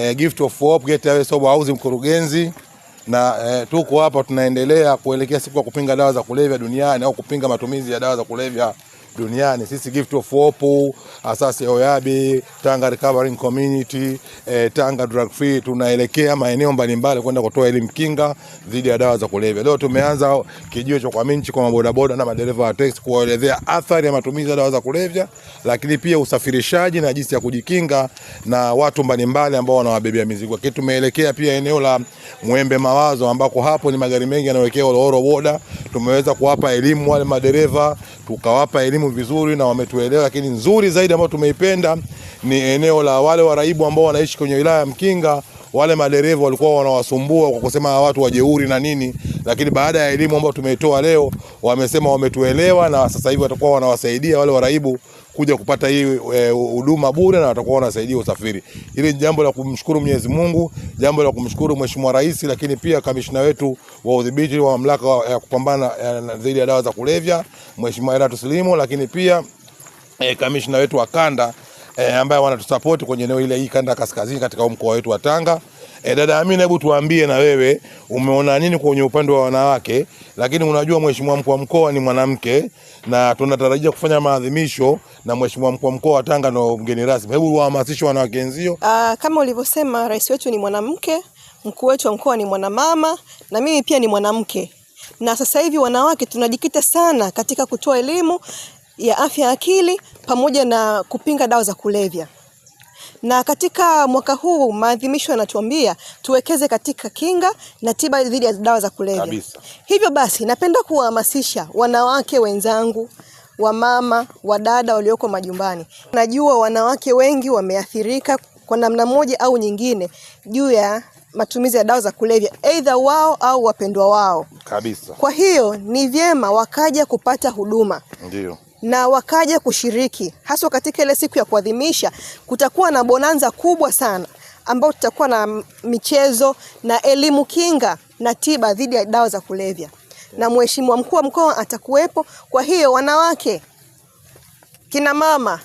eh, Gift of Hope get away Sober House mkurugenzi na eh, tuko hapa tunaendelea kuelekea siku ya kupinga dawa za kulevya duniani au kupinga matumizi ya dawa za kulevya duniani. Sisi Gift of Hope, asasi ya Oyabi, Tanga Recovering Community, eh, Tanga Drug Free tunaelekea maeneo mbalimbali kwenda kutoa elimu kinga dhidi ya dawa za kulevya. Leo tumeanza kijio cha kwa minchi kwa mabodaboda na madereva wa teksi kuwaelezea athari ya matumizi ya dawa za kulevya, lakini pia usafirishaji na jinsi ya kujikinga na watu mbalimbali ambao wanawabebea mizigo. Kitu tumeelekea pia eneo la Mwembe Mawazo ambako hapo ni magari mengi yanayoelekea Orooro boda tumeweza kuwapa elimu wale madereva, tukawapa elimu vizuri na wametuelewa. Lakini nzuri zaidi ambayo tumeipenda ni eneo la wale waraibu ambao wanaishi kwenye wilaya ya Mkinga, wale madereva walikuwa wanawasumbua kwa kusema watu wajeuri na nini lakini baada ya elimu ambayo tumeitoa leo, wamesema wametuelewa, na sasa hivi watakuwa wanawasaidia wale waraibu kuja kupata hii e, huduma e, bure na watakuwa wanasaidia usafiri. Hili ni jambo la kumshukuru Mwenyezi Mungu, jambo la kumshukuru Mheshimiwa Rais, lakini pia kamishna wetu wa udhibiti wa mamlaka ya kupambana e, dhidi ya dawa za kulevya Mheshimiwa Elatus Limo, lakini pia e, kamishna wetu wa kanda e, ambaye wanatusapoti kwenye eneo hili hii kanda kaskazini katika mkoa wetu wa Tanga. E, dada Amina, hebu tuambie na wewe umeona nini kwenye upande wa wanawake, lakini unajua mheshimiwa mkuu wa mkoa ni mwanamke na tunatarajia kufanya maadhimisho na mheshimiwa mkuu wa mkoa wa Tanga ndo mgeni rasmi. Hebu wahamasishe wanawake wenzio. Uh, kama ulivyosema rais wetu ni mwanamke, mkuu wetu wa mkoa ni mwanamama na mimi pia ni mwanamke, na sasa hivi wanawake tunajikita sana katika kutoa elimu ya afya ya akili pamoja na kupinga dawa za kulevya. Na katika mwaka huu maadhimisho yanatuambia tuwekeze katika kinga na tiba dhidi ya dawa za kulevya. Hivyo basi, napenda kuwahamasisha wanawake wenzangu wamama, wadada walioko majumbani. Najua wanawake wengi wameathirika kwa namna moja au nyingine juu ya matumizi ya dawa za kulevya, aidha wao au wapendwa wao kabisa. Kwa hiyo ni vyema wakaja kupata huduma. ndio na wakaja kushiriki haswa katika ile siku ya kuadhimisha. Kutakuwa na bonanza kubwa sana ambao tutakuwa na michezo na elimu kinga na tiba dhidi ya dawa za kulevya, na mheshimiwa mkuu wa mkoa atakuwepo. Kwa hiyo wanawake, kina mama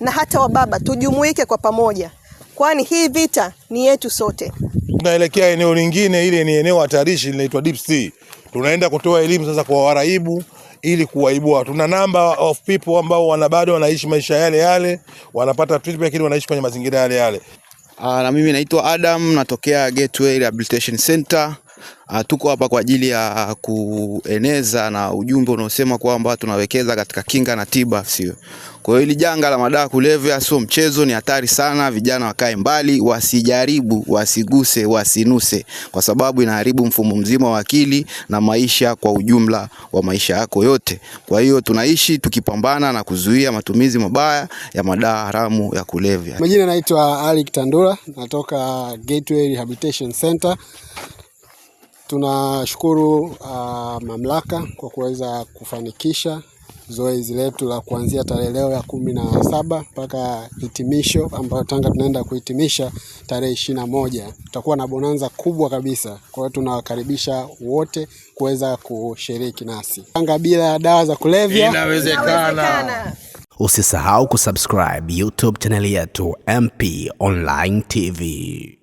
na hata wababa, tujumuike kwa pamoja, kwani hii vita ni yetu sote. Tunaelekea eneo lingine, ile ni eneo hatarishi linaitwa Deep Sea. Tunaenda kutoa elimu sasa kwa waraibu ili kuwaibua. Tuna number of people ambao wana bado wanaishi maisha yale yale, wanapata treatment lakini wanaishi kwenye mazingira yale yale. Aa, ah, na mimi naitwa Adam natokea Gateway Rehabilitation Center. Ah, tuko hapa kwa ajili ya kueneza na ujumbe unaosema kwamba tunawekeza katika kinga na tiba, sio? Kwa hiyo hili janga la madawa kulevya sio mchezo, ni hatari sana. Vijana wakae mbali, wasijaribu, wasiguse, wasinuse, kwa sababu inaharibu mfumo mzima wa akili na maisha kwa ujumla wa maisha yako yote. Kwa hiyo tunaishi tukipambana na kuzuia matumizi mabaya ya madawa haramu ya kulevya. Majina naitwa ali tandura natoka Gateway Rehabilitation Center. Tunashukuru uh, mamlaka kwa kuweza kufanikisha zoezi letu la kuanzia tarehe leo ya kumi na saba mpaka hitimisho ambayo Tanga tunaenda kuhitimisha tarehe ishirini na moja. Tutakuwa na bonanza kubwa kabisa, kwa hiyo tunawakaribisha wote kuweza kushiriki nasi. Tanga bila dawa za kulevya inawezekana. Usisahau kusubscribe YouTube chaneli yetu MP Online TV.